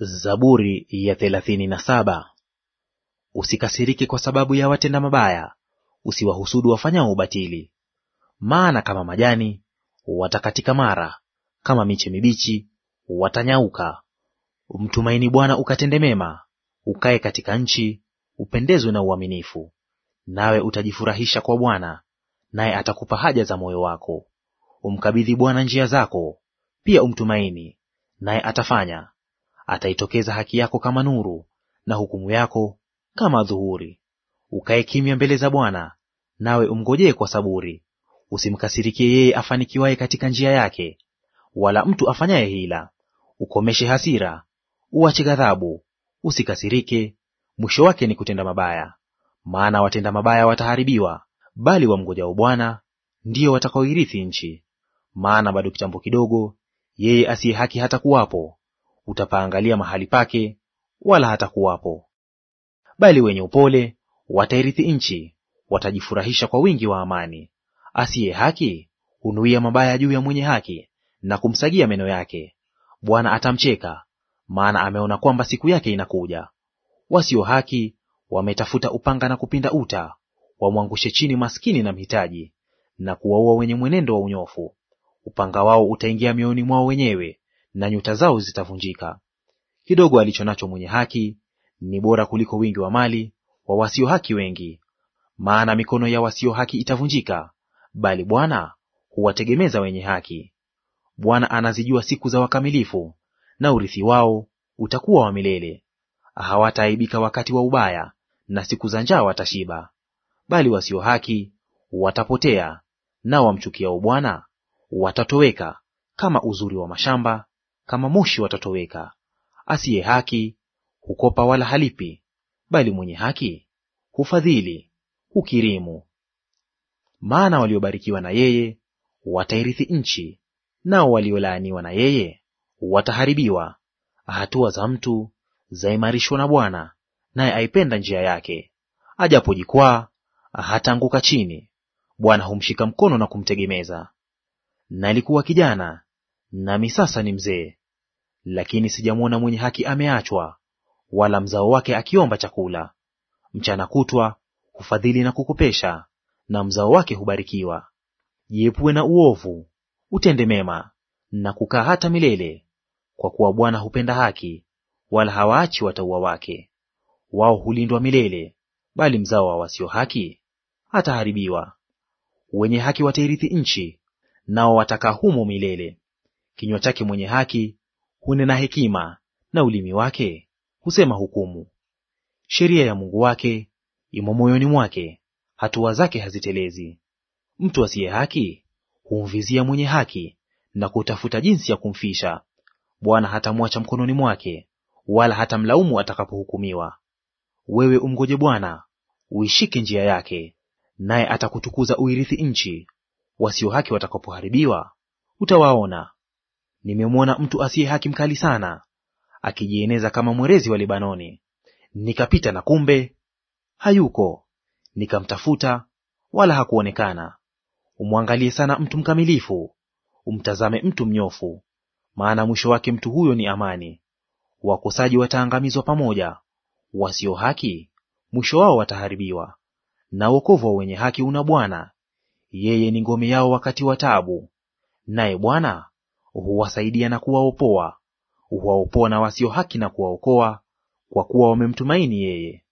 Zaburi ya thelathini na saba. Usikasirike kwa sababu ya watenda mabaya, usiwahusudu wafanyao ubatili. Maana kama majani watakatika mara, kama miche mibichi watanyauka. Mtumaini Bwana ukatende mema, ukae katika nchi, upendezwe na uaminifu. Nawe utajifurahisha kwa Bwana, naye atakupa haja za moyo wako. Umkabidhi Bwana njia zako, pia umtumaini, naye atafanya ataitokeza haki yako kama nuru, na hukumu yako kama dhuhuri. Ukae kimya mbele za Bwana, nawe umgojee kwa saburi. Usimkasirikie yeye afanikiwaye katika njia yake, wala mtu afanyaye hila. Ukomeshe hasira, uache ghadhabu, usikasirike, mwisho wake ni kutenda mabaya. Maana watenda mabaya wataharibiwa, bali wamngojao Bwana ndiyo watakaoirithi nchi. Maana bado kitambo kidogo, yeye asiye haki hata kuwapo, utapaangalia mahali pake, wala hatakuwapo. Bali wenye upole watairithi nchi, watajifurahisha kwa wingi wa amani. Asiye haki hunuia mabaya juu ya mwenye haki na kumsagia meno yake. Bwana atamcheka, maana ameona kwamba siku yake inakuja. Wasio haki wametafuta upanga na kupinda uta, wamwangushe chini maskini na mhitaji, na kuwaua wenye mwenendo wa unyofu. Upanga wao utaingia mioyoni mwao wenyewe, na nyuta zao zitavunjika. Kidogo alicho nacho mwenye haki ni bora kuliko wingi wa mali wa wasio haki wengi. Maana mikono ya wasio haki itavunjika, bali Bwana huwategemeza wenye haki. Bwana anazijua siku za wakamilifu, na urithi wao utakuwa wa milele. Hawataaibika wakati wa ubaya, na siku za njaa watashiba. Bali wasio haki watapotea, nao wamchukiao Bwana watatoweka kama uzuri wa mashamba kama moshi watatoweka. Asiye haki hukopa wala halipi, bali mwenye haki hufadhili, hukirimu. Maana waliobarikiwa na yeye watairithi nchi, nao waliolaaniwa na yeye wataharibiwa. Hatua za mtu zaimarishwa na Bwana, naye aipenda njia yake. ajapojikwaa hataanguka chini; Bwana humshika mkono na kumtegemeza. Nalikuwa kijana, Nami sasa ni mzee, lakini sijamwona mwenye haki ameachwa, wala mzao wake akiomba chakula. Mchana kutwa hufadhili na kukopesha, na mzao wake hubarikiwa. Jiepue na uovu, utende mema, na kukaa hata milele, kwa kuwa Bwana hupenda haki, wala hawaachi watauwa wake. Wao hulindwa milele, bali mzao wa wasio haki ataharibiwa. Wenye haki watairithi nchi, nao watakaa humo milele. Kinywa chake mwenye haki hunena hekima, na ulimi wake husema hukumu. Sheria ya Mungu wake imo moyoni mwake, hatua zake hazitelezi. Mtu asiye haki humvizia mwenye haki na kutafuta jinsi ya kumfisha. Bwana hatamwacha mkononi mwake, wala hatamlaumu atakapohukumiwa. Wewe umgoje Bwana, uishike njia yake, naye atakutukuza uirithi nchi. Wasio haki watakapoharibiwa, utawaona nimemwona mtu asiye haki mkali sana akijieneza kama mwerezi wa Libanoni. Nikapita na kumbe hayuko, nikamtafuta wala hakuonekana. Umwangalie sana mtu mkamilifu, umtazame mtu mnyofu, maana mwisho wake mtu huyo ni amani. Wakosaji wataangamizwa pamoja, wasio haki mwisho wao wataharibiwa. Na wokovu wa wenye haki una Bwana, yeye ni ngome yao wakati wa taabu, naye Bwana huwasaidia na kuwaopoa, huwaopoa na wasio haki na kuwaokoa, kwa kuwa wamemtumaini yeye.